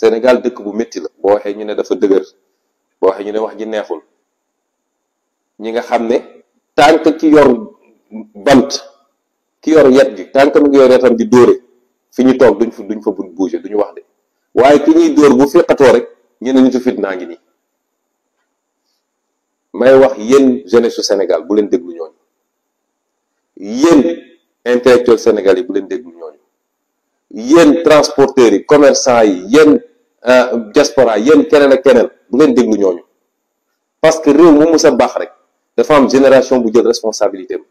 senegal dëkk bu metti la bo waxe ñu ne dafa dëgër bo waxe ñu ne wax ji neexul ñi nga xam tank ki yor bant ki yor yet gi tank mu yor yetam di dóore fi ñu toog duñ fu duñ fa bu bouger duñ wax de waye ki ñi dóor bu fiqato rek ñi ne ñu fit naa ngi ni may wax yeen jeunesse senegal bu leen déglu ñooñu yeen intellectuel Sénégal yi bu leen déglu ñooñu yéen transporteur yi commerçant yi yéen Euh, diaspora yeen keneen ak keneen bu ngeen déglu ñooñu parce que réew mu mos a baax rek dafa am génération bu jël responsabilité bi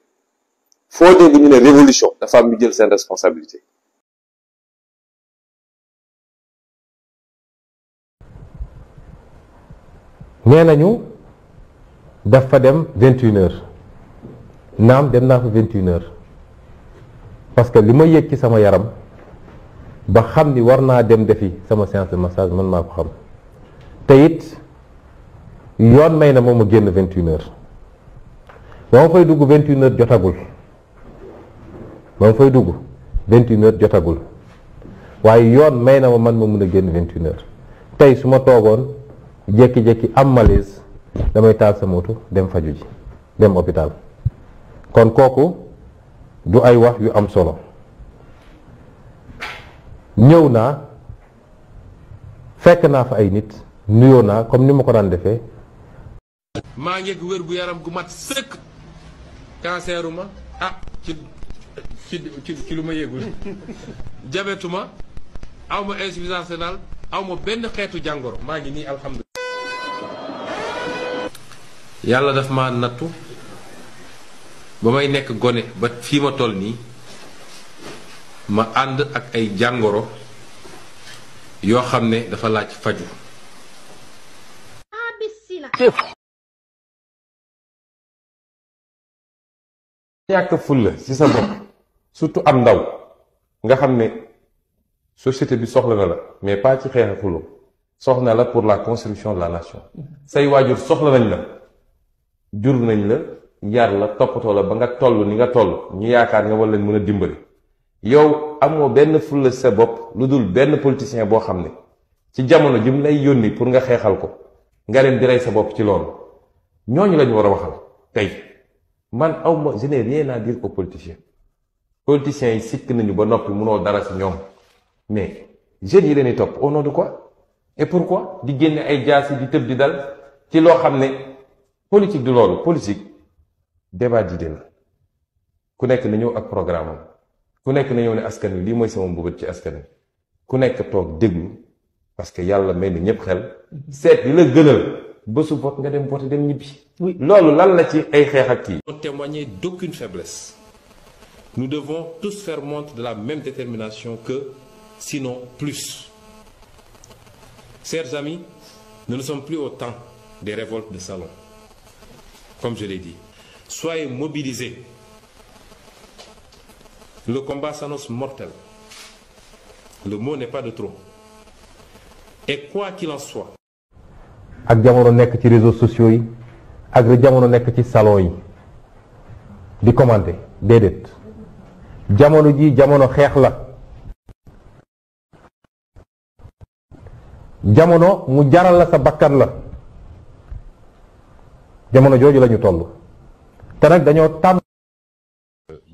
foo dégg ñu ne révolution dafa am ñu jël seen responsabilité nee nañu dafa dem 21 heures naam dem naa fa 21 heures parce que li ma yëg ci sama yaram ba xam ni war naa dem defi sama séance de massage man maa ko xam te it yoon may na moom ma génn vingt une heures ba ma fay dugg vingt une jotagul ba ma fay dugg vingt une jotagul waaye yoon may na ma man ma mun a génn vingt une tey su ma toogoon jékki-jékki am malaise damay taal sa moto dem faju ji dem hôpital kon kooku du ay wax yu am solo ñëw naa fekk naa fa ay nit nuyoo naa comme ni ma ko daan defee. maa ngi wér gu yaram gu mat sëkk canceru ma ah ci lu ma yëgul jabetuma ma aw ma insuffisance aw ma benn xeetu jàngoro maa ngi nii alhamdulilah. yàlla daf ma nattu ba may nekk gone ba fii ma toll nii. ma ànd ak ay jàngoro yoo xam ne dafa laaj faju ñàkk fulla ci sa surtout am ndaw nga xam ne société bi soxla na la mais pas ci xeex xulo soxna la pour la construction de la nation say waajur soxla nañ la jur nañ la yar la toppatoo la ba nga toll ni nga toll ñu yaakaar nga war leen mën a dimbali yow amoo benn fulla sa bopp lu dul benn politicien boo xam ne ci jamono ji lay yónni pour nga xeexal ko nga leen di rey sa bopp ci loolu ñooñu lañu war a waxal tey man awma je n'ai rien à dire aux politiciens yi sikk nañu ba noppi munoo dara ci ñoom mais jeunes yi leen topp au nom de quoi et pourquoi di génne ay jaasi di tëb di dal ci loo xam ne politique du loolu politique débat d'idée la ku nekk na ñëw ak programme am ku nekk na yow ne askan wi lii mooy sama mbëbët ci askan wi ku nekk toog déglu parce que yàlla may na ñëpp xel seet li la gënal bésu vote nga dem vote dem ñibbi. loolu lan la ci ay xeex ak kii. témoigner d'aucune faiblesse nous devons tous faire montre de la même détermination que sinon plus chers amis nous ne sommes plus au temps des révoltes de salon comme je l'ai dit soyez mobilisés le combat s'annonce mortel. Le mot n'est pas de trop. Et quoi qu'il en soit. ak jamono nekk ci réseaux sociaux yi ak jamono nekk ci salon yi di commenter déedéet jamono ji jamono xeex la. jamono mu jaral la sa bakkan la jamono jojo la ñu toll te nag dañoo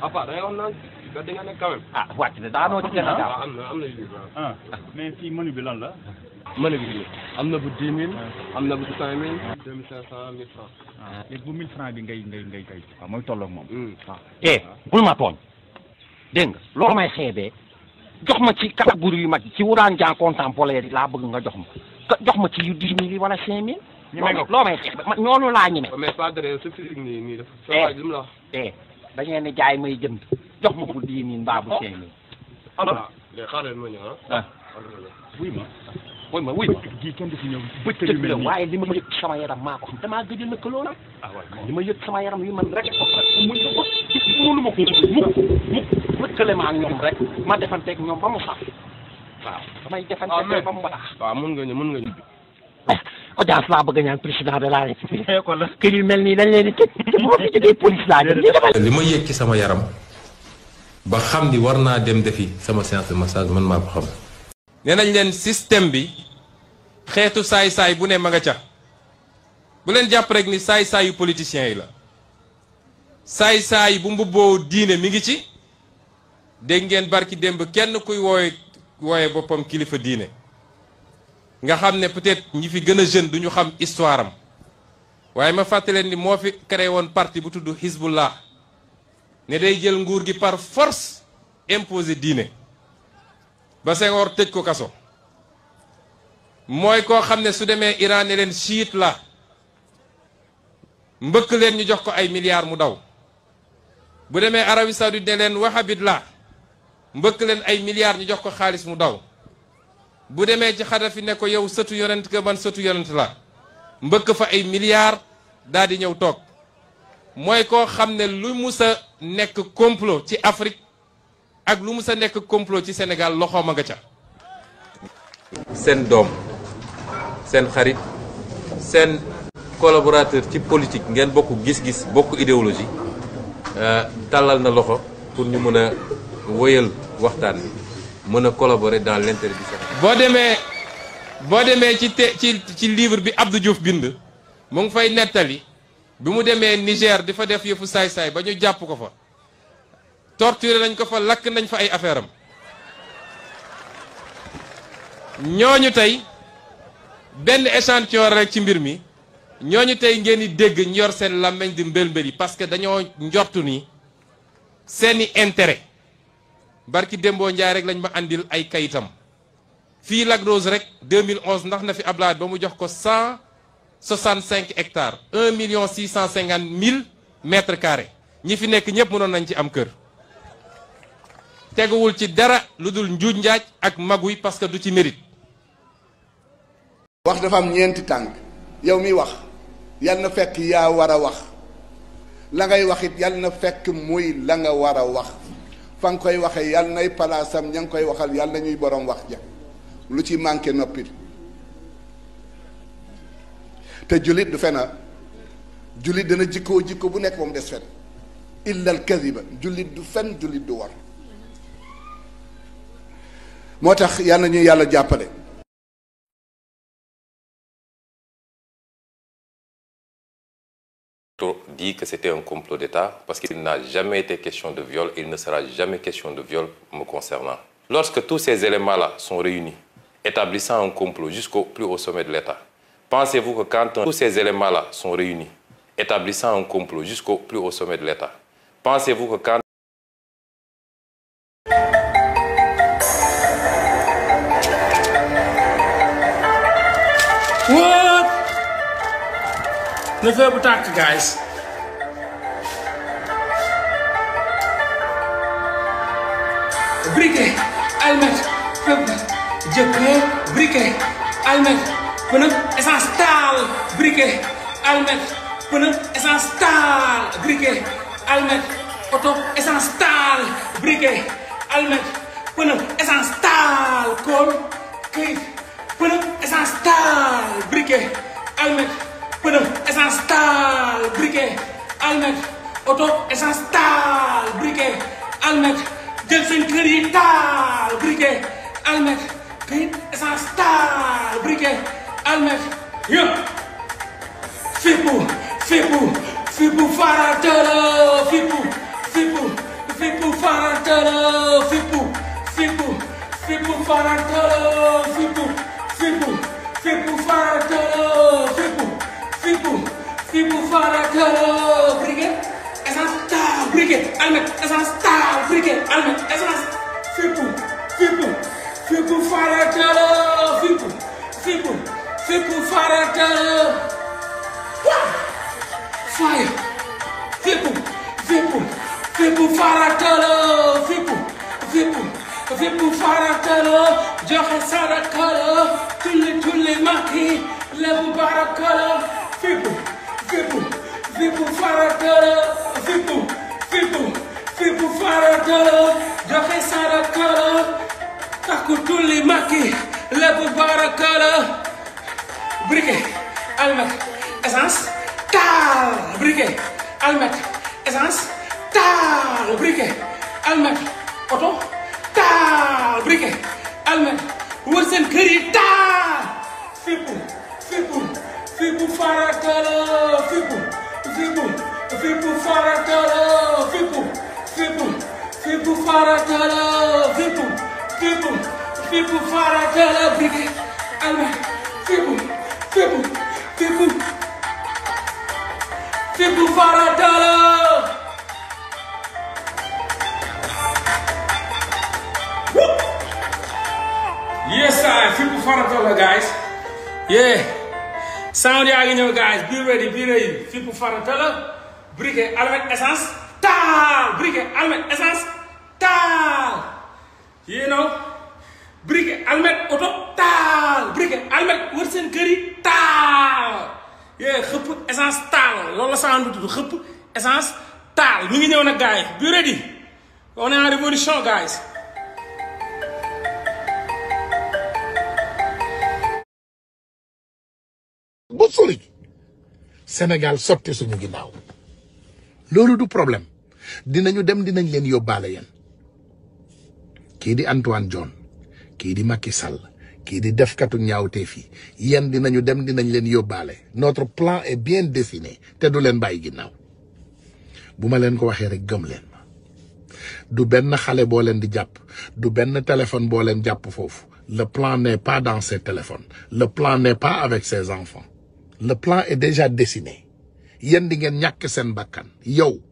à part da ngay wax naan da nga nekk quand même. bi lan la. menu bi am na bu mi mille. am na bu cinq mille. deux mille bi ngay ngay ngay ngay. waaw mooy tolloog moom. ma tooñ. dégg nga loolu may xeebee jox ma ci catégorie yu mag ci wuraan jàng contemporain yi laa bëgg nga jox ma jox ma ci yu dix mille yi cinq mille. ñu may ko loo may xeebee laa ñeme. mais pas lu la da ngeen di jaay jox ma ko dix mille mbaa bu cinq mille. alors ah. léegi xaaral ma ñëw ah. ah. ah ma wuy ma wuy ma. kii kenn du fi ñëw bëccëg yu mel nii ma yëg sama yaram maa ko xam damaa a ma yëg sama yaram yu man rek ma ko mukk mukk lëkkale ma ak ñoom rek ma defanteeg ñoom ba mu waaw damay ba mun nga ñu mun nga ñu. Eh, audience laa bëgg a ñaan président de la république kër yu mel nii dañ leen di tëj te li ma yéeg ci sama yaram ba xam ni war naa dem defi sama séance de massage man maa ko xam nee nañ leen système bi xeetu saay-saay bu ne ma nga ca bu leen jàpp rek ni saay-saayu politiciens yi la saay-saay bu mbubboo diine mi ngi ci dégg ngeen barki démb kenn kuy wooye wooye boppam kilifa diine nga xam ne peut-être ñi fi gën a jeune du xam histoire am waaye ma leen ni moo fi créé woon parti bu tudd Hizbullah ne day jël nguur gi par force imposé diine ba Senghor tëj ko kaso mooy koo xam ne su demee Iran ne leen chiite la mbëkk leen ñu jox ko ay milliards mu daw bu demee Arabie Saoudite ne leen wahhabite la mbëkk leen ay milliards ñu jox ko xaalis mu daw bu demee ci xadafi ne ko yow sëtu yonent ka man sëtu yonent la mbëkk fa ay milliards daal di ñëw toog mooy koo xam ne lu musa nekk complot ci Afrique ak lu mus a nekk complot ci Sénégal loxoom a nga ca. seen doom seen xarit seen collaborateur ci politique ngeen bokk gis-gis bokk idéologie euh, tàllal na loxo pour ñu mën a wëyal waxtaan bi mën a collaborer dans l'intérêt boo demee boo demee ci te ci ci livre bi Abdou Diouf bind mu ngi fay nettali bi mu demee Niger di fa def yëfu saay-saay ba ñu jàpp ko fa torturé nañ ko fa lakk nañ fa ay affaire am ñooñu tey benn échantillon rek ci mbir mi ñooñu tey ngeen di dégg ñu yor seen làmmeñ di mbël-mbël yi parce que dañoo njortu ni seeni intérêt barki démboo njaay rek lañ ma indil ay kayitam fii Lac Rose rek 2011 ndax na fi Ablaye ba mu jox ko 165 hectares 1 million 650 mille mètres carrés ñi fi nekk ñëpp mënoon nañ ci am kër. teguwul ci dara lu dul njuuj njaaj ak maguy parce que du ci mérite. wax dafa am ñeenti tànk yow mi wax yal na fekk yaa war a wax la ngay wax it yal na fekk muy la nga war a wax fa nga koy waxee yal nay palaasam ña nga koy waxal yal na ñuy borom wax ja lu ci manqué noppil te julit du fena ah, julit dana jikkoo jikko bu nek ba mu fet illa al kadiba julit du fen julit du war motax yalla ñu yàlla jàppale dit que c'était un complot d'État parce qu'il n'a jamais été question de viol il ne sera jamais question de viol me concernant. Lorsque tous ces éléments-là sont réunis, établissant un complot jusqu'au plus haut sommet de l'État. Pensez-vous que quand tous ces éléments-là sont réunis, établissant un complot jusqu'au plus haut sommet de l'État, pensez-vous que quand What? guys. jëkkër briquet almet es un tal briquet almet es essence stal briquet almet es essence stal briquet almet un essence Col es këyit es essence briquet almet es essence briquet almet es essence briquet almet Paint is een star. Brieke, Elmer, Jung. Fipu, Fipu, Fipu Farantelo. Fipu, Fipu, Fipu Farantelo. Fipu, Fipu, Fipu Farantelo. Fipu, Fipu, Fipu Farantelo. Fipu, Fipu, Fipu Farantelo. Brieke, is een star. Brieke, Elmer, is een star. Brieke, Elmer, is een star. Fipu, Fipu. Fico farecão, fico, fico, fico farecão. Fire, fico, fico, fico farecão, fico, fico, fico farecão. Jorra saracão, tule tule maqui, levo baracão. Fico, fico, fico farecão, fico, fico, fico farecão. Jorra saracão. takku tulli makki lépp barakala briquet almet essence taal briquet almet essence taal briquet almet oto taal briquet almet wër seen kër yi taal fippu fippu fippu farakala fippu fippu fippu farakala fippu fippu fippu farakala fippu فيكم فيكم فارا جلابي أنا فيكم فيكم فيكم فيكم فارا جلابي Yes, I feel Faratala, guys. Yeah. Sound yaa ngi ñëw guys. Be ready, be ready. Fippu Faratala. Briquet, almet, essence. Taal. Briquet, almet, essence. you know briquet almet oto taal briquet almet wër seen kër taal yee xëpp essence taal loolu la sandu tudd xëpp essence taal ñu ngi ñëw nag gars bu ready on est en révolution du problème dinañu dem dinañ leen yóbbaale yéen kii di Antoine John kii di Macky Sall kii di defkatu fi, yi di nañu dem nañ leen yobale. notre plan est bien dessiné te du leen baye ginnaw. bu ma leen ko waxee rek gëm leen du ben xalé bo leen di japp, du ben téléphone bo leen japp fofu. le plan n'est pas dans ces téléphones le plan n'est pas avec ses enfants le plan est déjà dessiné yéen di ngeen ñak sen bakkan yow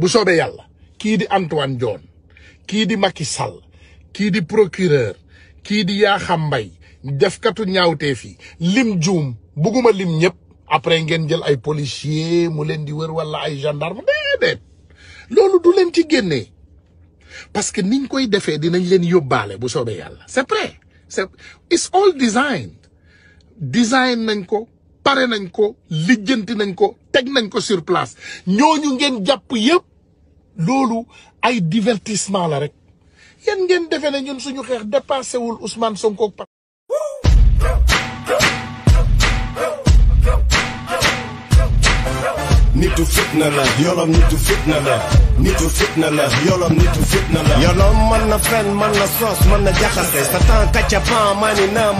bu soobee yàlla kii di Antoine Diome kii di Macky Sall kii di procureur kii di Yakham Mbaye katu ñaawteef yi lim juum bugguma lim ñëpp après ngeen jël ay policier mu leen di wër wala ay gendarme déedéet loolu du leen ci génne parce que niñ koy defee dinañ leen yóbbaale bu soobee yàlla c'est prêt c'est it's all designed design nañ ko pare nañ ko lijjanti nañ ko teg nañ ko sur place ñooñu ngeen jàpp yëpp loolu ay divertissement la rek yéen ngeen defee ne ñun suñu xeex dépassé wul Ousmane Sonko nitu fitna la yolom nitu fitna la nitu fitna la yolom nitu fitna la yolom mën na fen mën na soos na jaxase sa temps kacca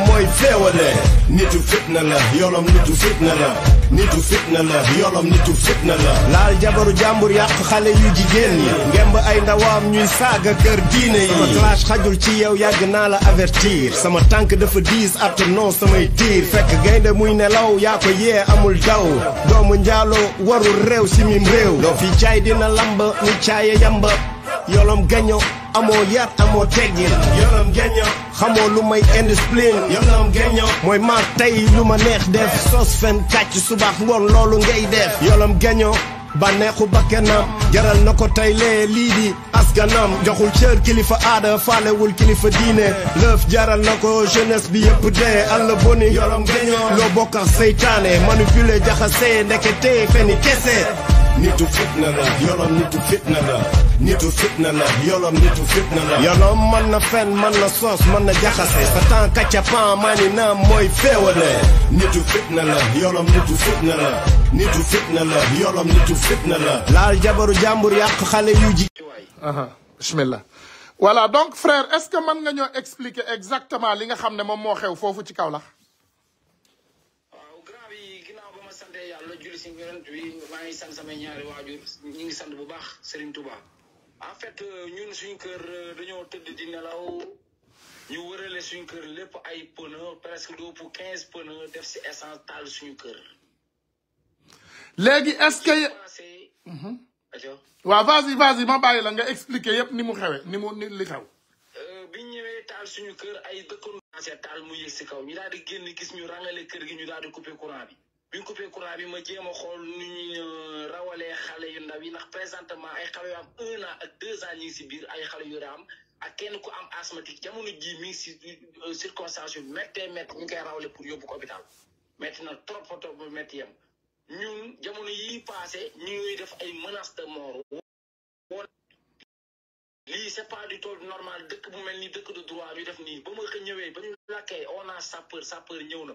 mooy féewale nitu fitna la yolom nitu fitna la nitu fitna la yolom nitu fitna la laal jabaru jàmbur yàq xale yu jigéen ñi ngemb ay ndawaam ñuy saaga kër diine yi sama clash xajul ci yow yàgg naa la avertir sama tànk dafa diis at non samay tiir fekk gaynde muy nelaw yaa ko yee amul daw doomu njaalo waru lu réew si mim réew loo fi jaay dina lamba ni caaya yamba yolom gaño amoo yar amoo teggin yolom gaño xamoo lu may indiscipline yolom gaño mooy maa tey lu ma neex def sos fen kàcc subax ngoon loolu ngay def yoloom gaño banexu bakkanam jaral nako tay le lidi lii askanam joxul cheur kilifa aada faalewul kilifa dine leuf jaral nako jeunesse bi yep de alla boni yorom gagnon lo bokk seitané manipuler jaxassé ndekete feni kessé nitu fitna la yolom nitu fitna la nitu fitna la yolom nitu fitna la yolom mën na fen mën na soos mën na jaxase sa temps kacca pan naam mooy féewale nitu fitna la yolom nitu fitna la nitu fitna la yolom nitu fitna la laal jabaru jàmbur yàq xale yu ji aha bismillah voilà donc frère est-ce que mën nga ñoo expliquer exactement li nga xam ne moom moo xew foofu ci kaw Kaolack sant wi maa ngi sant samay ñaari waajur ñu ngi sant bu baax Serigne Touba. en fait ñun suñu kër dañoo tëdd di nelaw ñu wërale suñu kër lépp ay pneu presque doo pour quinze pneu def si essence taal suñu kër. léegi est-ce que. Mm-hmm. waaw vas-y vas-y ma bàyyi la nga expliquer yépp ni mu xewe ni mu ni li xew. Euh, bi ñëwee taal suñu kër ay dëkkoon. taal mu yëg si kaw ñu daal di génn gis ñu rangale kër gi ñu daal di couper courant bi. bi coupé courant bi ma jéem a xool nu ñu euh, rawalee xale yu ndaw yi ndax présentement ay xale yu am un an ak deux ans ñu ngi si biir ay xale yu raam ak kenn ku am asthmatique jamono jii mi ngi si euh, circonstance yu méttee ku ñu koy rawale pour yóbbu ko hôpital métti na trop fa trop ba métti yem ñun jamono yii passé ñu ngi def ay menaces de mort lii c'est pas du tout normal dëkk bu mel nii dëkk de droit ñu def nii ba ma ko ñëwee ba ñu lakkee on a sapeur sapeur ñëw na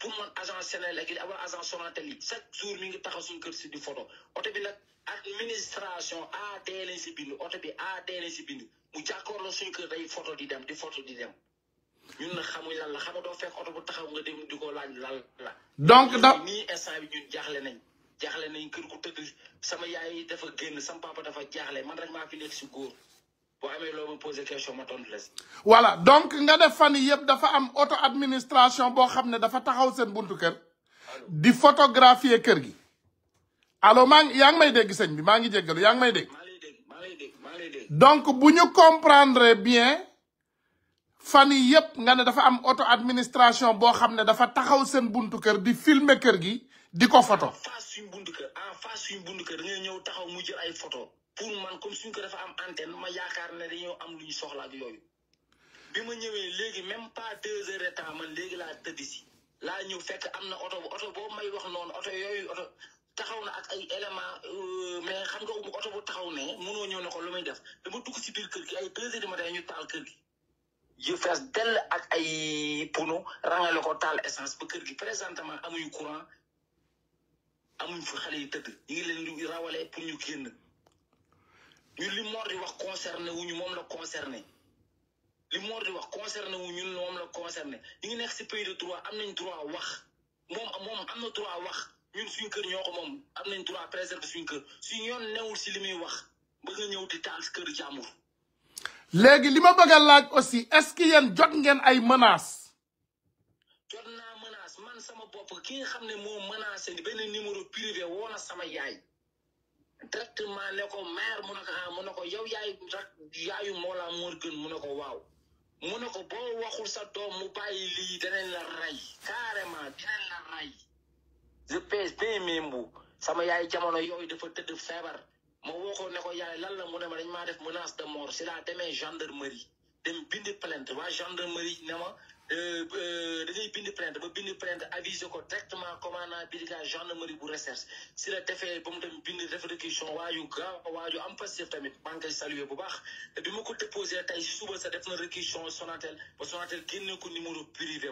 pour man agent Senelec yi wala agent Sonatel yi chaque jour mi ngi taxaw suñu kër si di photo oto bi nag administration AD lañ si bind oto bi AD lañ si bind mu jàkkaarloo suñu kër day photo di dem di photo di dem ñun na xamuñ lan la xam fekk oto bu taxaw nga dem di ko laaj lan la. donc da nii instant bi ñun jaaxle nañ jaaxle nañ kër ku tëdd sama yaay dafa génn sama papa dafa jaaxle man rek maa fi nekk si góor. voilà donc nga def fani yeb dafa am auto administration bo xamne dafa taxaw sen buntu di photographier kër gi. allo mang yang may deg sëñ bi mangi ngi yang may deg donc buñu comprendre bien fani yeb nga ne dafa am auto administration bo xamne dafa taxaw sen buntu di filmer kër gi di kofoto. photo. en face buntu en face buntu photo pour man comme suñ ko dafa am antenne ma yaakar ne dañu am lu soxla ak yoyu bima ñëwé légui même pas 2 heures de temps man légui la tëdd si laa ñëw fekk amna auto auto bo may wax non auto yoyu auto taxaw na ak ay élément euh, mais xam nga auto bu taxaw ne mëno ñëw nako lu muy def dama tuk ci bir kër gi ay 2 heures du matin ñu taal kër gi yu fess del ak ay pono rangale ko taal essence ba kër gi présentement amuñu courant amuñ fu xalé yi tëdd ñi leen di rawalé pour ñu kenn ñu li Mor di wax concerné wu ñu moom la concerné li Mor di wax concerné wu ñun moom la concerné ñu ngi nekk si pays de droit am nañ droit wax moom moom am na droit wax ñun suñu kër ñoo moom am nañ droit préserver suñu kër suñu yoon newul si li muy wax bëgg nga ñëw di taal si kër jàmbur. léegi li ma bëgg a laaj aussi est-ce que yéen jot ngeen ay menaces. jot naa menace man sama bopp ki xam ne moo menacé benn numéro privé woo na sama yaay. directement ne ko maire mu ne ko ah mu ne ko yow yaay rak yaayu Mollah Morgun mu ne ko waaw mu ne ko boo waxul sa doom mu bàyyi lii danañ la rey carrément dinañ la rey je pèse bien mes mots sama yaay jamono yooyu dafa tëdd feebar ma woo ko ne ko yaay lan la mu ne ma dañ maa def menace de mort si laa demee gendarmerie dem bindi plainte waa gendarmerie na ma Euh, euh, dafay bind plainte ba bind plainte avisé ko directement commandant brigade gendarmerie bu recherche si la defee ba mu dem bind def réquisition waaju gaaw waaju am passif tamit maa ngi koy bu baax bi ma ko déposé tey si suba sa def na réquisition Sonatel ba Sonatel génne ko numéro privé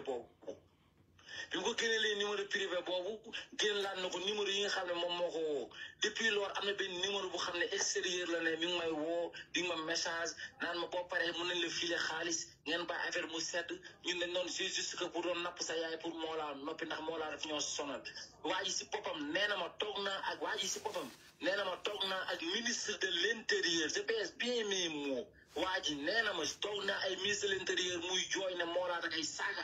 bi ko ko génneelee numéro privé boobu génnaat na ko numéro yi nga xam ne moom moo ko woo depuis loolu am na benn numéro bu xam ne extérieur la ne mi may woo di ma message naan ma boo paree mën nañ la file xaalis ngeen baa affaire mu sedd ñun dañ doon c'est juste que bu doon napp sa yaay pour moo laa noppi ndax moo laa daf ñoo sonal waa si boppam nee na ma toog naa ak waa ji nee na ma toog naa ak ministre de l'intérieur je pèse bien mes mots waa ji nee na ma toog na ay ministre de l'intérieur muy jooy ne moo laa da ay saaga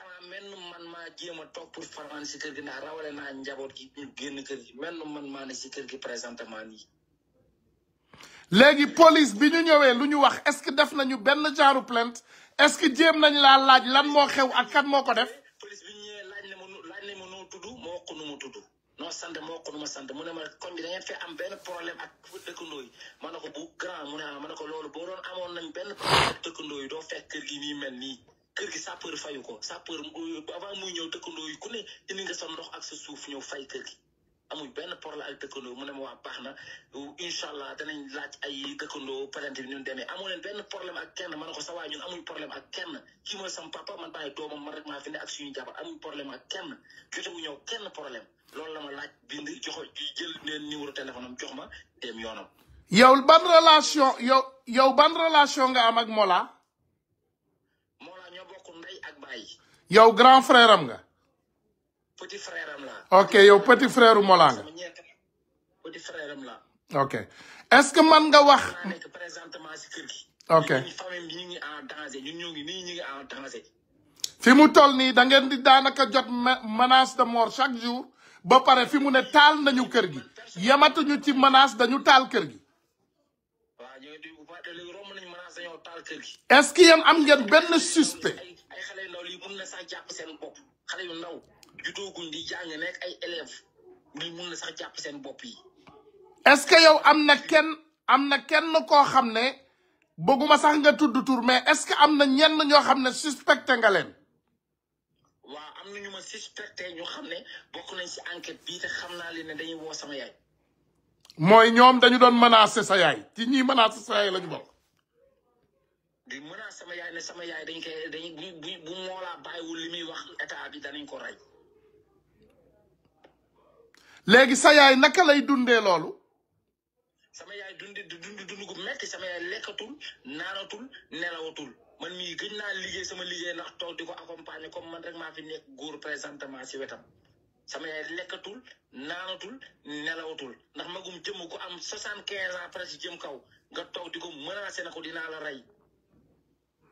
jéem a toog pour fanaan si kër gi ndax rawale naa njaboot gi ñu génn kër gi mel man maa ne si kër gi présentement nii. léegi police bi ñu ñëwee lu ñu wax est-ce que def nañu benn genre plainte est-ce que jéem nañu laa laaj lan moo xew ak kan moo ko def. police bi ñu ñëwee laaj na ma laaj na ma noo tudd moo ko nu mu tudd noo sant moo ko nu ma sant mu ne ma comme bi da ngeen fee am benn problème ak dëkkandoo yi ma ne ko bu grand mu ne ah ma ne ko loolu boo doon amoon nañ benn problème ak yi doo fekk kër gi nii. kër gi peur fayu ko peur avant muy ñëw dëkkandoo yi ku ne indi nga sa ndox ak sa suuf ñëw fay kër gi amuñ benn problème ak dëkkandoo mu ne ma waa baax na inshallah allah danañ laaj ay dëkkandoo parent bi ñun demee amoo leen benn problème ak kenn ma ne ko sa waay ñun amul problème ak kenn kii mooy sama papa man bàyyi doomam man rek maa fi ne ak suñu jabar amuñ problème ak kenn jote wu ñëw kenn problème loolu la ma laaj bind joxo jël leen numéro téléphone am jox ma dem yoonam. yow ban relation yow yow ban relation nga am ak Mola. Faye. yow grand frère am nga. petit frère am la. ok yow petit frère u Mollah nga. petit frère am la. ok est-ce que man nga wax. maa présentement si kër gi. ok famille bi ñu en danger ñun ñoo ngi nii en danger. fi mu toll ni da ngeen di danaka jot menace de mort chaque jour ba paré fi mu ne tal nañu kër gi yamatu ñu ci menace dañu tal kër gi. est-ce que yéen am ngeen benn suspect. loolu yi mun na sax jàpp seen bopp xale yu ndaw judooguñ di jàng nekk ay élèves lii mun na sax jàpp seen bopp yi. ce que yow am na kenn am na kenn koo xam ne bëgguma sax nga tudd tur mais est-ce que am na ñenn ñoo xam ne suspecté nga leen. waaw am na ñu ma suspecté ñu xam ne bokk nañ si enquête bii te xam naa leen ne dañuy woo sama yaay. mooy ñoom dañu doon menacer sa yaay ci ñiy menacer sa yaay lañu bokk. di menace sama yaay ne sama yaay dañ koy dañ bu bu bu moolaa bàyyiwul muy wax état bi danañ ko rey. léegi sa yaay naka lay dundee loolu. sama yaay dundi dund dund gu metti sama yaay lekkatul naanatul nelawatul man mii gëj naa liggéey sama liggéey ndax toog di ko accompagner comme man rek maa fi nekk góor présentement si wetam. sama yaay lekkatul naanatul nelawatul ndax magum jëmm ko am soixante quinze ans presque jëm kaw nga toog di ko menacé na ko dinaa la rey.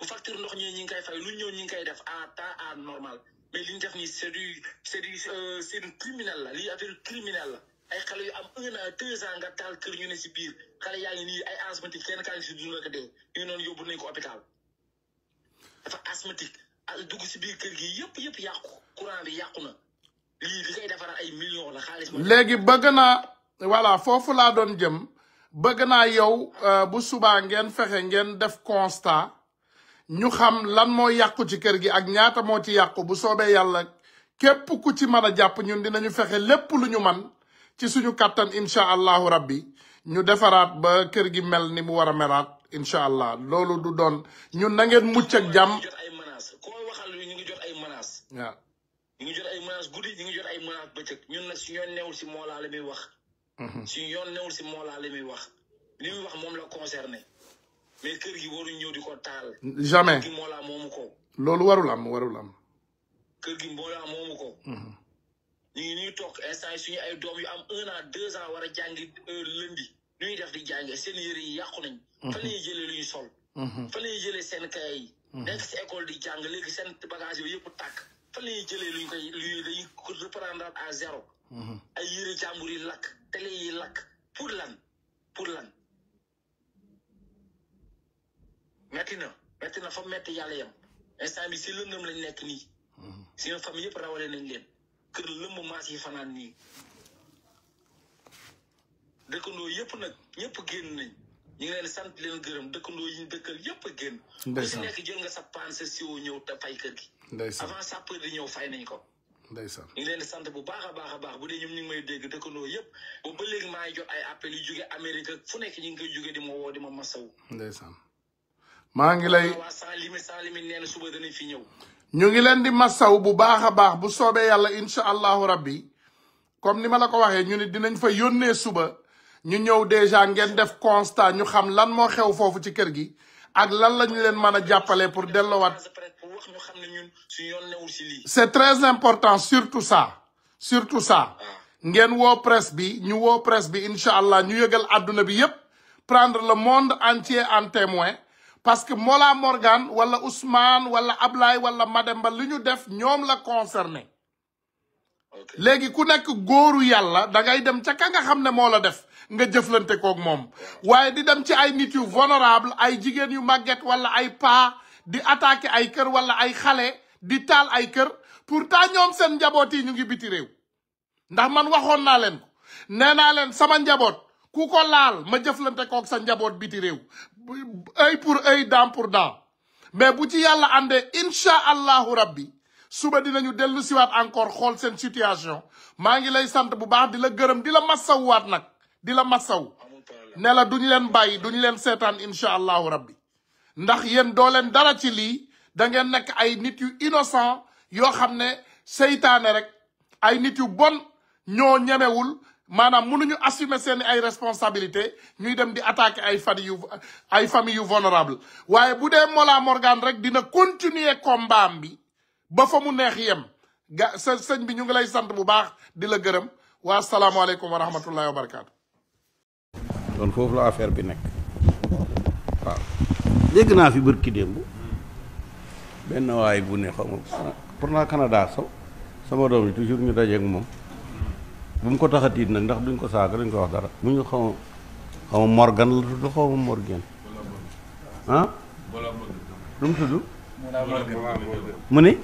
bu facture ndox ñee ñi ngi koy fay lu ñëw ñi ngi koy def à temps à normal mais li def nii c'est du c'est du euh, c'est la lii affaire criminel la ay xale yu am un an deux ans nga taal kër ñu ne si biir xale yaa ngi nii ay asthmatique kenn kaa ngi si dund ak dee ñu yóbbu nañ hôpital dafa asthmatique dugg si biir kër gi yëpp yëpp yàqu courant yàqu na lii li koy defar ay millions la xaalis léegi bëgg naa voilà foofu laa doon jëm bëgg naa yow euh, bu subaa ngeen fexe ngeen def constat ñu xam lan moo yàqu ci kër gi ak ñaata moo ci yàqu bu soobee yàlla képp ku ci man a jàpp ñun dinañu fexe lépp lu ñu man ci suñu kàttan incha allahu rabbi ñu defaraat ba kër gi mel ni mu war a meraat incha allah loolu du doon ñun na ngeen mucc ak jàmm. waaw. ñu ngi jot ay menaces guddi ñu ngi jot ay menaces bëccëg ñun nag suñu yoon newul si Mollah li muy wax. Mm-hmm. suñu yoon newul si Mollah li muy wax li muy wax moom la concerné. mais kër gi waruñ ñëw di ko taal. jamais kër gi Mollah moomu ko. loolu warul am war am. kër gi mboola moomu ko. Mhm. ñu ngi ñuy toog instant yi ay doom yu am un an war a jàngi euh, lundi nu ñuy def di jànge seen yëre yi yàqu nañ. Mhm. fan la ñuy jëlee lu ñu sol. Mhm. fan la ñuy jëlee seen kaya école di jàng léegi seen bagage yooyu yëpp tàkk. fan la ñuy jëlee lu ñu koy lu ñuy dañuy reprendre à zéro. ay yëre jàmbur yi lakk télé yi lakk pour lan pour lan. metti na metti na fa metti yàlla yem instant bi si lëndëm lañ nekk nii. Hmm. seen famille yëpp rawale nañ leen kër lëmm maas yi fanaan nii dëkkandoo yëpp nag ñëpp génn nañ ñu ngi leen sant gërëm dëkkandoo yi ñu dëkkal yëpp a génn. ku si nekk jël nga sa paan sa siwo ñëw te fay kër gi. avant sapeur di ñëw fay nañ ko. ndeysaan ñu ngi leen di sant bu baax a baax a baax bu dee ñoom ñu ngi may dégg dëkkandoo yëpp ba ba léegi maa ngi jot ay appels yu jóge Amérique fu nekk ñu ngi koy jóge di ma woo di ma masawu. ndeysaan maa ngi lay ñu ngi leen di massaw bu baax baax bu soobee yàlla incha allahu rabbi comme ni ma la ko waxee ñu ne dinañ fa yónnee suba ñu ñëw déjà ngeen def constat ñu xam lan moo xew foofu ci kër gi ak lan la ñu leen mën a jàppale pour delloowaat c'est très important surtout ça surtout ça ah. ngeen wo press bi ñu woo presse bi incha allah ñu yëgal àdduna bi yépp prendre le monde entier en témoin parce que Mola Morgan wala Ousmane wala Ablaye wala Mademba li def ñoom la concerné léegi ku nekk góoru yàlla da ngay dem ca ka nga xam ne la def nga jëflante koog moom waaye di dem ci ay nit yu vulnérable ay jigéen yu màgget wala ay paa di attaqué ay kër wala ay xale di taal ay kër pourtant ñoom seen njaboot ñu ngi biti réew ndax man waxoon naa leen ko nee naa leen sama njaboot ku laal ma jëflante koog sa njaboot biti réew œil pour œil dent pour mais bu ci yàlla àndee incha allahu rabbi suba dinañu dellu siwaat encore xool seen situation maa ngi lay sant bu baax di la gërëm di la waat nag di la massaw ne la duñu leen bàyyi duñu leen seetaan incha allahu rabbi ndax yéen doo leen dara ci lii da ngeen nekk ay nit yu innocent yoo xam ne seytaane rek ay nit yu bon ñoo ñemewul maanaam mënuñu assumer seeni ay responsabilité ñuy dem di attaquer ay famille yu ay famille yu vulnérable waaye bu dee Mollah Morgan rek dina continuer combat bi ba fa mu neex yem ga sëñ bi ñu ngi lay sant bu baax di la gërëm waa salaamaaleykum wa rahmatullahi wa barakaatu. loolu foofu la affaire bi nekk waaw dégg naa fi bërki démb benn waay bu ne xaw pour naa Canada sama doom yi toujours ñu dajeeg moom. bu mu ko tax tiit nag ndax duñ ko saaga duñ ko wax dara mu ñu xaw xaw morgan la tudd xaw morgan ah lu mu tudd mu ni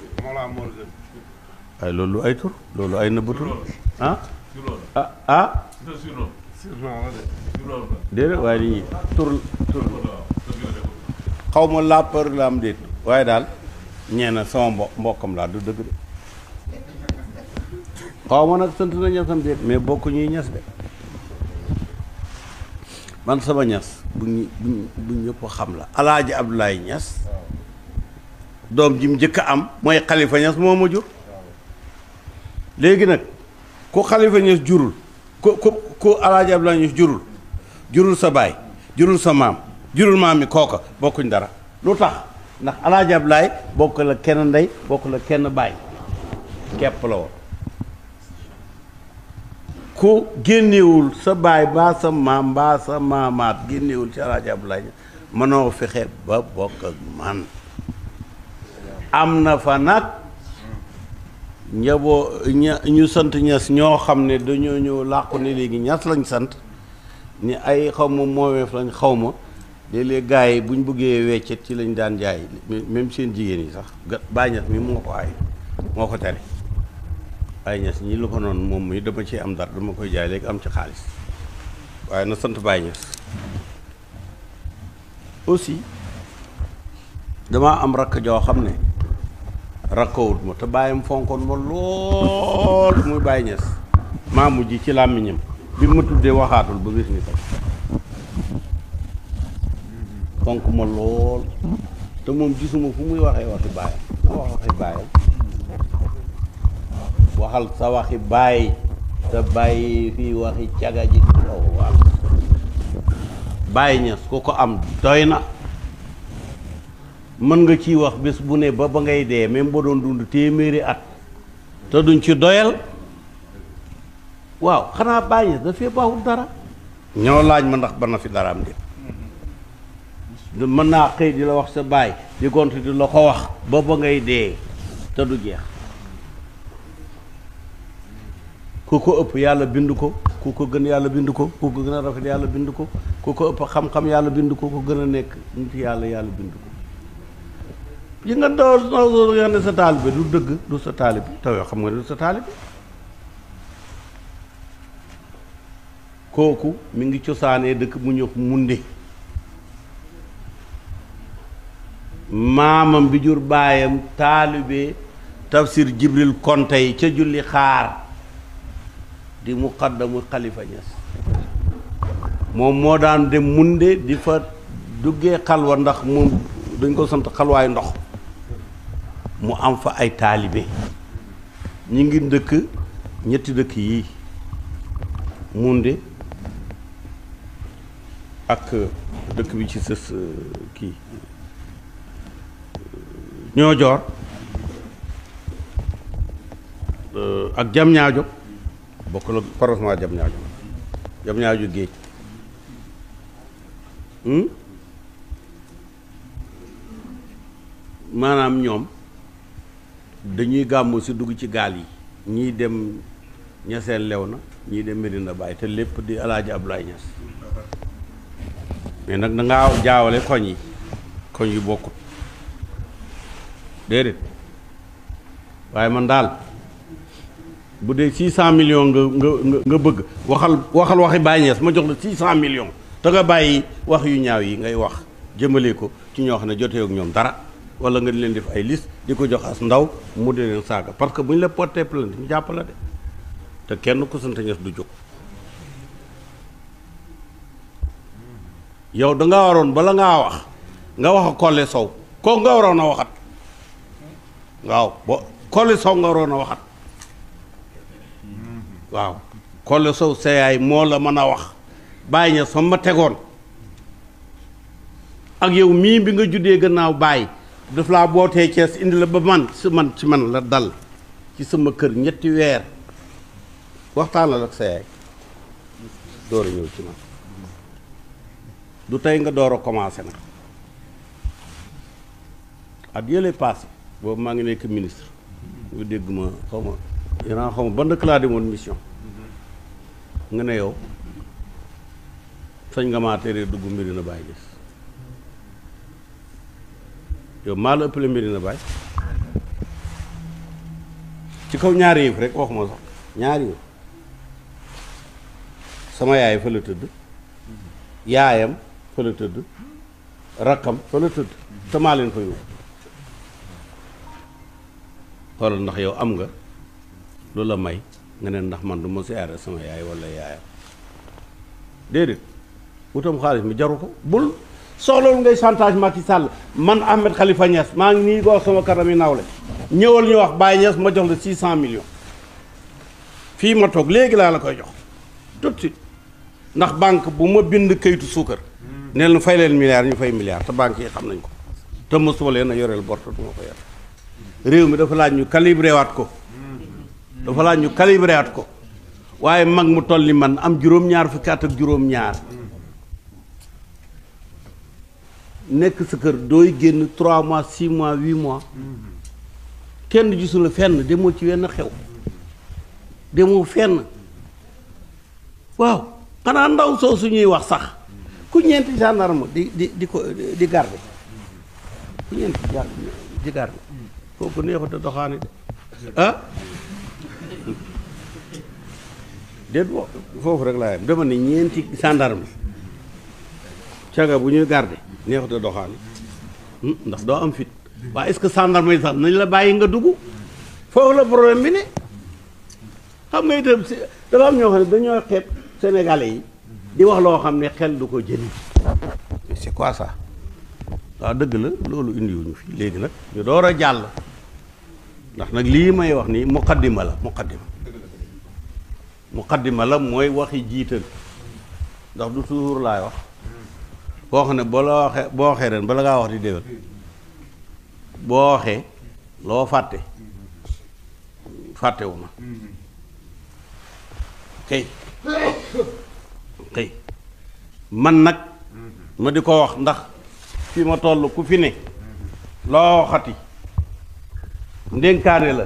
ay loolu ay tur loolu ay nëbbatul ah, ah? tur xaw ma la la am déet waaye daal ñee na sama mbo mbokkam laa du dëgg de xaw ma nag sant na ñasam déet mais bokk ñuy ñas de man sama ñas bu ñu bu ñëpp xam la alaaji Abdoulaye ñas doom ji mu njëkk a am mooy xalifa ñas moo ma jur léegi nag ku xalifa ñas jurul ku ku ku alaaji Abdoulaye ñas jurul sa baay jurul sa maam jurul maam mi kooka bokkuñ dara lu tax ndax alaaji Abdoulaye bokk la kenn ndey bokk la kenn baay kepp la woon ku génnewul sa baay mbaa sa maam mbaa sa maamaat génnewul ci alaaji Abdoulaye mënoo fexe ba bokk ak man am na fa nag njaboo ña ñu sant ñas ñoo xam ne dañoo ñëw làqu ne léegi ñas lañ sant ni ay xaw ma moomeef lañ xaw ma léeg-léeg gars yi bu ñu bëggee weccet ci lañ daan jaay même seen jigéen yi sax bàyyi ñas mi moo ko aay moo ko tere Baye Niass ñii lu ko noonu moom muy dama ci am dara dama koy jaay léegi am ci xaalis waaye na sant Baye Niass aussi damaa am rakk joo xam ne rakkowut ma te bàyyam fonkoon ma lool muy Baye Niass maa mujj ci làmmiñam bi ma tuddee waxaatul ba bis ni tey fonk ma lool te moom gisuma fu muy waxee waxi baayam ma wax waxi baayam waxal sa waxi bàyyi sa bàyyi fii waxi caga ji dow oh, bàyyi ñas ku ko am doy na mën nga ciy wax bés bu ne ba ba ngay dee même ba doon dund téeméeri at te duñ ci doyal waaw xanaa bàyyi ñas dafee baaxul dara ñoo laaj ma ndax ba na fi dara am déet mën naa xëy di la wax sa baay di gont di la ko wax ba ba ngay dee te du jeex ku ko ëpp yàlla bind ko ku ko gën yàlla bind ko ku ko gën a rafet yàlla bind ko ku ko ëpp xam-xam yàlla bind ko ku gën a nekk nit yàlla yàlla bind ko yi nga doo nga ne sa taalibe du dëgg du sa taalibe taw xam nga ne du sa taalibe kooku mi ngi cosaanee dëkk mu ñëw munde maamam bi jur baayam taalibe tafsir jibril konte yi ca julli xaar di muqaddamul xalifa ñas moom moo daan dem de di fa duggee xalwa ndax moom dañ ko sant xalwaay ndox mu am fa ay taalibe ñu ngi dëkk ñetti dëkk yii munde ak dëkk bi ci sës euh, kii ñoo euh, joor euh, ak jam ñaajo bokkul ak paroissement jam ñaaju jam ñaaju géej hmm? maanaam ñoom dañuy gàmmu si dugg ci gaal yi ñii dem ñaseen lew na ñii dem Medina Baye te lépp di alaaji Abdoulaye Niass mais nag da ngaa jaawale koñ yi koñ yu bokkut déedéet waaye man daal bu dee 600 million nga nga nga bëgg waxal waxal waxi Baye Niass ma jox la 600 millions te nga bàyyi wax yu ñaaw yi ngay wax jëmale ko ci ñoo xam ne jote ak ñoom dara wala nga leen def ay liste di ko jox as ndaw mu di leen saaga parce que bu ñu la porté plainte ñu jàppale de te kenn ku sant Niass du jóg. yow danga waroon bala ngaa wax nga wax a Collé Sow kooku nga waroon a waxat waaw bo Collé Sow nga waroon a waxat. waaw Kolle Sow sa yaay moo la mën a wax bàyyi ña sama ma tegoon ak yow mii bi nga juddee gannaaw bàyyi daf laa bootee Cees indi la ba man si man ci man la dal ci sama kër ñetti weer waxtaanal ak sa yaay door a ñëw ci man du tey nga door a commencé nag at yële passé boobu maa ngi nekk ministre nga dégg ma xaw ma Iran xaw ma ban dëkk laa demoon mission nga ne yow sañ nga maa tere dugg Medina Baye gis yow maa la ëppale Medina Baye ci kaw ñaari yëf rek waxuma sax ñaari yëf sama yaay fa la tëdd yaayam fa la tëdd rakkam fa la tëdd te maa leen fa yóbbu xoolal ndax yow am nga lu la may nga ne ndax man du ma siyaare sama yaay wala yaayam déedéet utam xaalis mi jaru ko bul soxloolu ngay chantage yi sàll man Ahmed Khalifa ñees maa ngi nii goo sama kanam yi nawle ñëwal ñu wax Baye Niass ma jox la 600 millions fii ma toog léegi laa la koy jox tout de ndax banque bu ma bind kayitu suukar hmm. neel fay leen milliards ñu fay milliards te banque yi xam nañ ko te mosuma leen yoreel bor du ma ko yor hmm. réew mi dafa laaj ñu calibré waat ko dafa laaj ñu calibré at ko waaye mag mu toll ni man am juróom-ñaar fukki ak juróom-ñaar nekk sa kër dooy génn 3 mois 6 mois 8 mois kenn gisu la fenn demoo ci wenn xew demoo fenn waaw xanaa ndaw soo suñuy wax sax ku ñeenti gendarme di di di ko di garde ku ñeenti di garde kooku neexut a doxaani de ah déet boo foofu rek laa yem dama ne ñeenti gendarme caga bu ñuy garde neexut a doxaan hmm, ndax doo am fit waaye est-ce que gendarme yi sax nañ la bàyyi nga dugg foofu la problème bi ne xam nga itam si dafa am ñoo xam ne dañoo xeeb sénégalais yi di wax loo xam ne xel du ko jëli c'est quoi ça waaw dëgg la loolu indiwuñu fi léegi nag ñu door a jàll ndax nag lii may wax ni muqaddima la muqaddima muqaddima la mooy waxi jiital ndax du toujours laay wax boo xam ne boo la waxee boo waxee ren bala ngaa wax di déwén boo waxee loo fàtte fàttewu ma kay man nag ma di ko wax ndax fi ma toll ku fi ne loo waxati ndénkaane la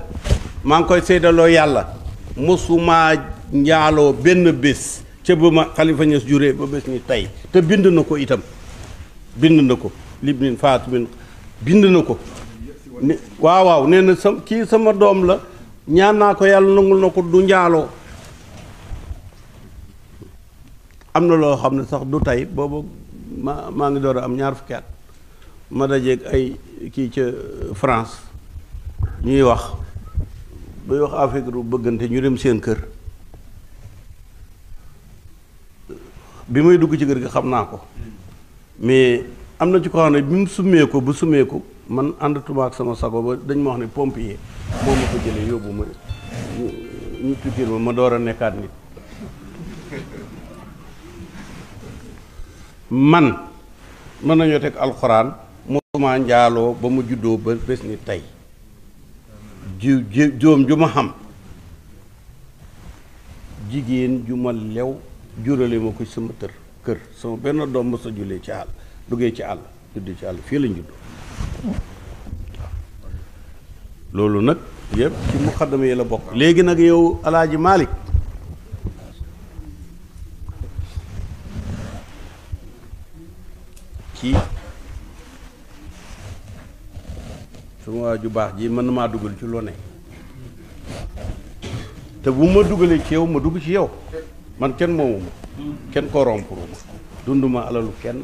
maa ngi koy seedaloo yàlla mosumaa njaaloo benn bés ca ba ma xalifa ñas juree ba bés ni tey te bind na ko itam bind na ko libnin faatumin bind na ko waaw waaw nee na sam kii sama doom la ñaan naa ko yàlla nangul na ko du njaaloo am na loo xam ne sax du tey boobu ma maa ngi door a am ñaar fukki at ma dajeeg ay kii ca France ñuy wax buy wax Afrique du bëggante ñu dem seen kër bi may dugg ci kër gi xam naa ko mais am na ci ko xam ne bi mu summee ko bu summee ko man àndatuma ak sama sago ba dañ ma wax ne pompier moo ma ko jëlee yóbbu ma ma door a nekkaat nit man mën nañoo teg alxuraan mosuma njaaloo ba mu juddoo ba bés ni tey ju ju ju ma xam jigéen ju ma lew juurale ma ko sama tër kër sama benn doom mos a jullee ci àll duggee ci àll juddee ci àll fii lañ judd loolu nag yëpp ci muqaddama yi la bokk léegi nag yow alaaji Malick ci sama waa ju baax ji mën na maa dugal ci lu ne te bu ma dugalee ci yow ma dugg ci yow man kenn moomu ma kenn corrompre ma dunduma alalu kenn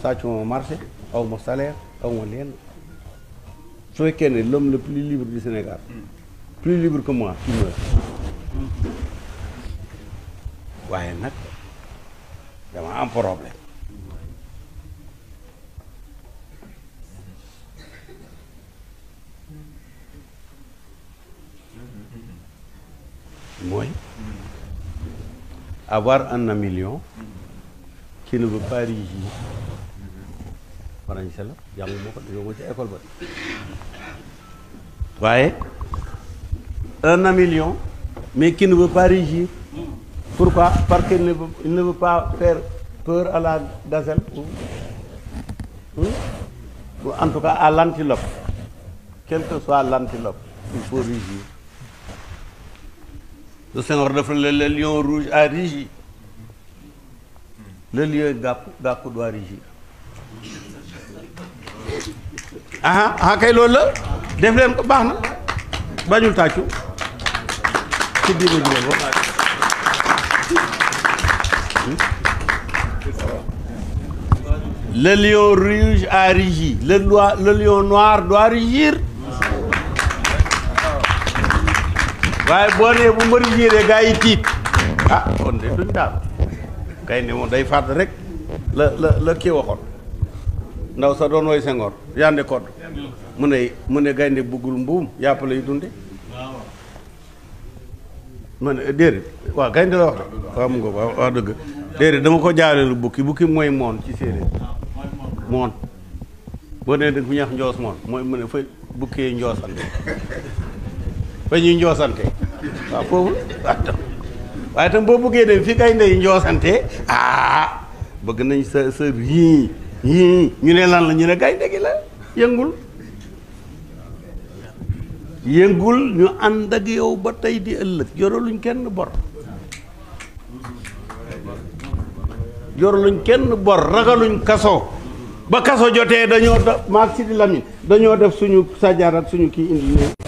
sàccuma marché aw ma salaire aw lenn su fekkee ne l'homme le plus libre du Sénégal plus libre que moi qui waaye nag dama am problème mooy avoir un million qui ne veut pas régir. Vous voyez un million mais qui ne veut pas régir? pourquoi parce qu'il ne veut pas faire peur à la gazelle hein? en tout cas à l'antilope Quel que soit l'antilope il faut régir. Senghor dafa le le lion rouge a régi le lion gàpp gàpp doit régir ah ah kay loolu la def leen ko baax na bañul tàccu ci biir la hmm? le lion rouge a rigi. le loi le lion noir doit régir waaye boo nee bu mbëri jiiree gaa yi tiit ah kon de duñ daal kay moom day fàtt rek la la la kii waxoon ndaw sa doon woy sengoor yande kodd mu ne gaynde buggul mbuum yàpp lay dunde ma ne déedéet waaw gaynde la wax de waaw nga waaw waaw dëgg déedéet dama ko jaarelu bukki bukki mooy moon ci séeréer moon boo nee dëgg bu ñax njoos moon mooy mu ne fa bukkee njoosante ba ñuy njoosante waaw foofu waaye tam boo bëggee dem fi gaynde yi njoosante ah bëgg nañ sa sa yii yii ñu ne lan la ñu ne gaynde gi la yëngul yëngul ñu ànd ak yow ba tey di ëllëg yoraluñ kenn bor yoraluñ kenn bor ragaluñ kaso ba kaso jotee dañoo da maag si di lamin dañoo def suñu sajaar suñu kii indi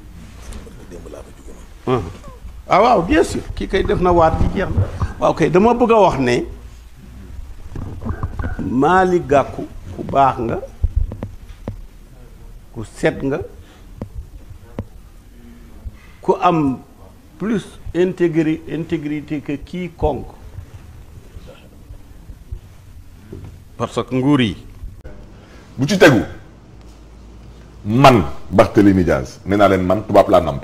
Ah. ah waaw bien sûr kii kay def na waat ji jeex na waaw kay dama bëgg a wax ne maali gàkku ku baax nga ku set nga ku am plus intégri intégrité que quiconque parce que nguur yi bu ci tegu man Barthélemy Diaz nee naa leen man tubaab laa namp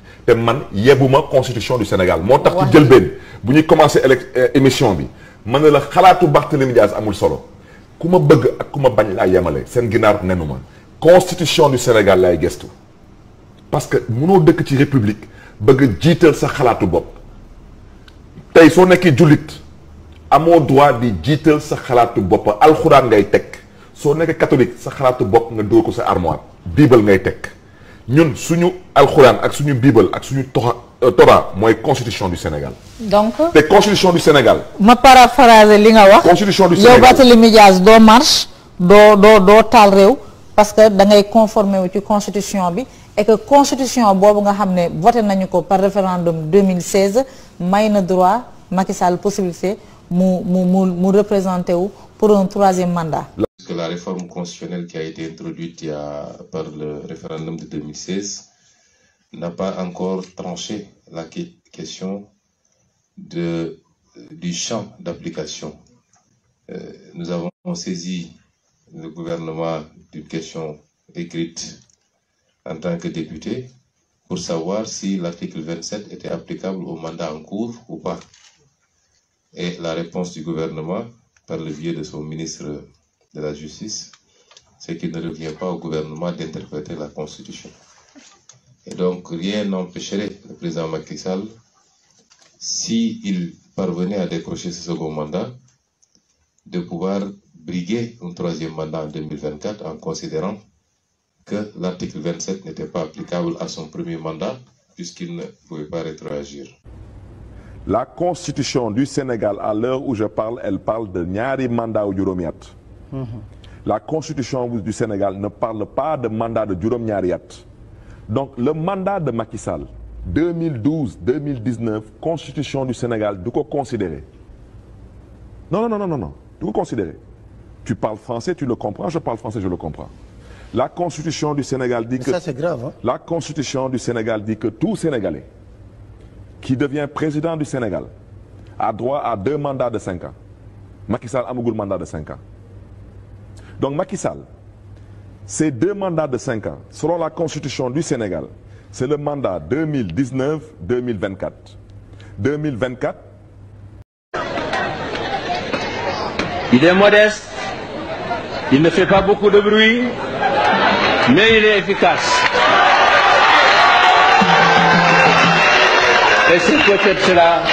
te man constitution du Sénégal Je tax ci jëlbeen je commencé euh, émission bi man la Barthélémy amul solo je bëgg ak constitution du Sénégal est gestu parce que nous dëkk ci république bëgg ditel sa si droit di ditel sa ngay tek so catholique sa le droit nga sa armoire bible ngay tek nous sommes ak bible euh, constitution du Sénégal. donc La constitution du Sénégal. ma paraphraser li constitution du Sénégal marche parce que da ngay conformer à la constitution et que constitution si nga par référendum 2016 le droit Macky Sall possibilité de mu pour un troisième mandat la réforme constitutionnelle qui a été introduite par le référendum de 2016 n'a pas encore tranché la question du champ d'application. Euh, nous avons saisi le gouvernement d'une question écrite en tant que député pour savoir si l'article 27 était applicable au mandat en cours ou pas. Et la réponse du gouvernement, par le biais de son ministre de la justice, c'est qu'il ne revient pas au gouvernement d'interpréter la Constitution. Et donc, rien n'empêcherait le président Macky Sall, s'il parvenait à décrocher ce second mandat, de pouvoir briguer un troisième mandat en 2024 en considérant que l'article 27 n'était pas applicable à son premier mandat puisqu'il ne pouvait pas rétroagir. La constitution du Sénégal, à l'heure où je parle, elle parle de Nyari Mandat ou la constitution du Sénégal ne parle pas de mandat de Durom Donc le mandat de Macky Sall 2012 2019 constitution du Sénégal de quoi considérer. Non non non non non, du considérer. Tu parles français, tu le comprends, je parle français, je le comprends. La constitution du Sénégal dit que grave hein. La constitution du Sénégal dit que tout Sénégalais qui devient président du Sénégal a droit à deux mandats de 5 ans. Macky Sall le mandat de cinq ans. Donc Macky Sall, ces deux mandats de 5 ans, selon la constitution du Sénégal, c'est le mandat 2019-2024. 2024. Il est modeste, il ne fait pas beaucoup de bruit, mais il est efficace. Et c'est peut-être cela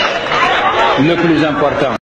le plus important.